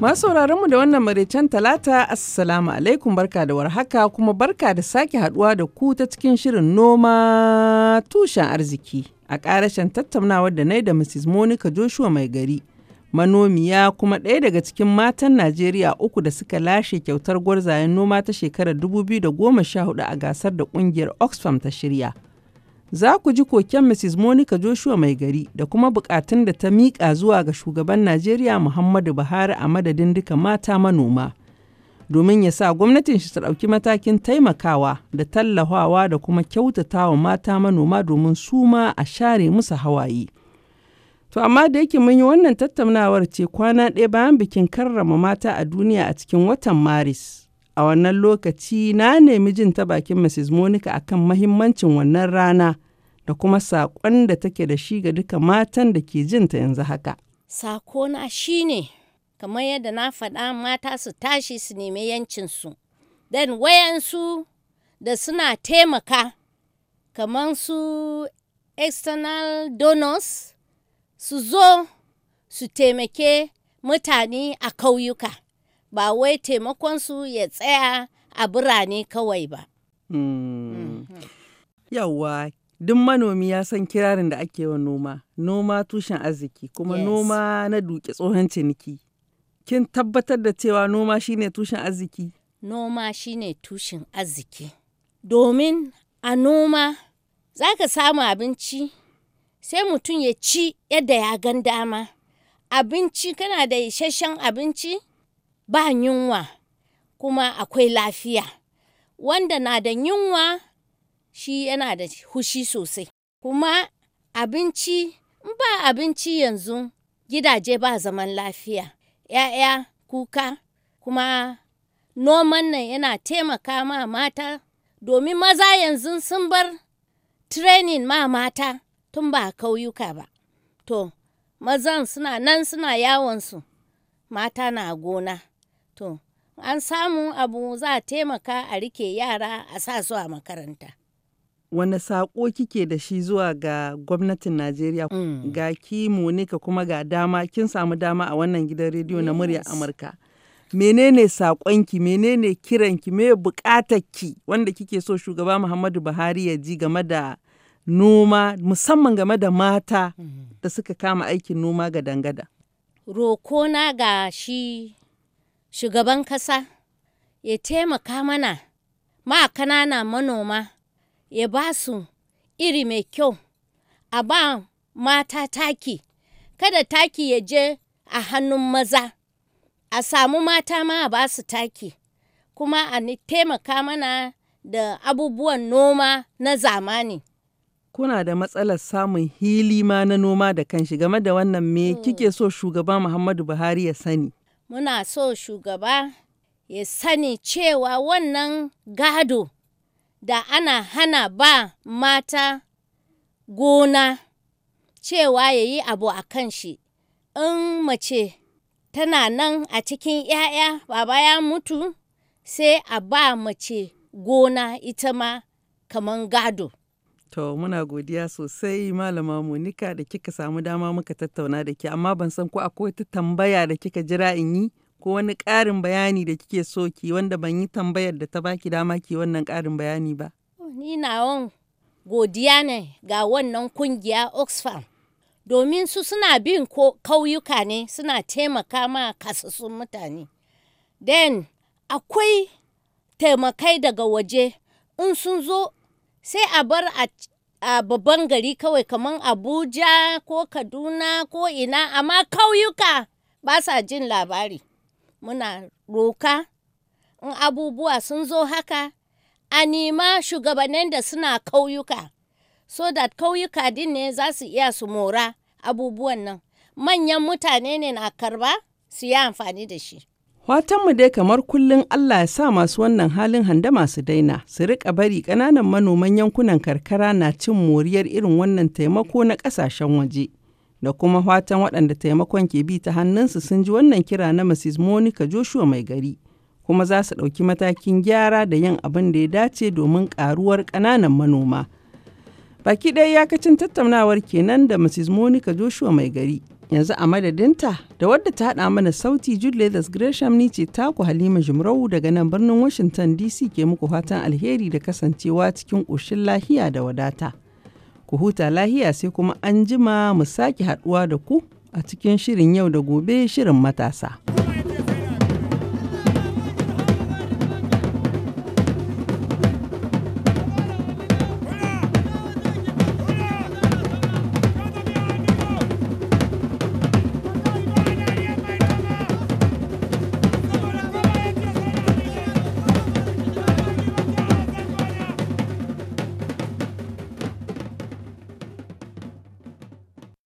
Masu mu da wannan maraicen talata assalamu alaikum barka da warhaka kuma barka da sake haduwa da ku ta cikin shirin noma tushen arziki a karashen tattaunawar da nai da Mrs. Monica Joshua mai gari manomiya kuma ɗaya daga cikin matan Najeriya uku da suka lashe kyautar gwarzayen noma ta shekarar 2014 a gasar da kungiyar Oxfam ta shirya. Za ku ji koken Mrs. Monica Joshua mai gari da kuma bukatun da ta miƙa zuwa ga shugaban Najeriya Muhammadu Buhari a madadin duka mata manoma. Domin ya sa gwamnatin shi ta ɗauki matakin taimakawa da tallafawa da kuma kyautatawa mata manoma domin suma a share musu hawaye. To amma da yake mun yi wannan tattaunawar ce kwana ɗaya bayan bikin karrama mata a duniya a cikin watan Maris. A wannan lokaci na nemi jin ta bakin Mrs. Monica akan mahimmancin wannan rana da kuma saƙon da take da shi ga duka matan da ke jinta yanzu haka. Sakona shi ne, kamar yadda na faɗa mata su tashi su nemi yancinsu. Dan wayansu da suna taimaka, kamar su external donors su zo su taimake mutane a kauyuka. ba wai taimakonsu ya tsaya a birane kawai ba. Hmm. Mhm. Yawwa, duk manomi ya san kirarin da ake wa noma, noma tushen arziki, kuma noma na duke tsohon ciniki. Kin tabbatar da cewa noma shine tushen arziki? Noma shine tushen arziki. Domin a noma za ka samu abinci, sai mutum ya ci yadda ya gan dama. Abinci kana da isasshen abinci? ba yunwa kuma akwai lafiya wanda na da yunwa shi yana da hushi sosai kuma abinci ba abinci yanzu gidaje ba zaman lafiya ‘ya'ya kuka kuma noman nan yana taimaka ma mata domin maza yanzu sun bar training ma mata tun ba kauyuka ba to mazan suna nan suna yawonsu mata na gona To, an samu abu za a taimaka a rike yara a sa su a makaranta. wani saƙo kike da shi zuwa ga gwamnatin Najeriya mm. ga ki Monika kuma ga dama kin samu dama a wannan gidan rediyo yes. na murya Amurka. Menene saƙonki, menene kiranki, me buƙatarki wanda kike so shugaba Muhammadu Buhari ya ji game da noma musamman game da mata mm. da suka kama aikin noma ga dangada. Rokona ga shi shugaban ƙasa ya taimaka mana ma kanana manoma ya ba su iri mai kyau a ba mata taki kada taki ya je a hannun maza a samu mata ma a ba su taki kuma a taimaka mana da abubuwan noma na zamani kuna da matsalar samun hili ma na noma da kanshi game da wannan me mm. kike so shugaba muhammadu buhari ya sani muna so shugaba ya sani cewa wannan gado da ana hana ba mata gona cewa ya yi abu a kan shi in mace tana nan a cikin ‘ya'ya baba ya mutu sai a ba mace gona ita ma kaman gado To muna godiya sosai malama Monika da kika samu dama muka tattauna da ke amma ban san ko akwai wata tambaya da kika jira in yi ko wani ƙarin bayani da kike so ki wanda ban yi tambayar da ta baki dama ki wannan ƙarin bayani ba. Ni na wan godiya ne ga wannan kungiya Oxfam domin su suna bin kauyuka ne suna taimaka ma kasassun mutane. Den akwai taimakai daga waje in sun zo sai a bar a babban gari kawai kamar abuja ko kaduna ko ina amma kauyuka ba sa jin labari muna roka in abubuwa sun zo haka a nima shugabannin da suna kauyuka so that kauyuka din ne za su iya su mora abubuwan nan manyan mutane ne na karba su yi amfani da shi Watanmu dai kamar kullum Allah ya sa masu wannan halin handa masu daina, su riƙa bari ƙananan manoman yankunan karkara na cin moriyar irin wannan taimako na ƙasashen waje. Da kuma fatan waɗanda taimakon ke bi ta hannunsu sun ji wannan kira na Mrs. Monica Joshua mai gari, kuma za su ɗauki matakin gyara da yin abin da ya dace domin ƙaruwar ƙananan manoma. Baki ɗaya yakacin tattaunawar kenan da Mrs. Monica Joshua mai gari. yanzu a madadinta da wadda ta haɗa mana sauti Jude Leathers Gresham ni ce taku Halima Jumrau daga nan birnin Washington DC ke muku fatan alheri da kasancewa cikin ƙoshin lahiya da wadata. Ku huta lahiya sai kuma an jima mu sake haɗuwa da ku a cikin shirin yau da gobe shirin matasa.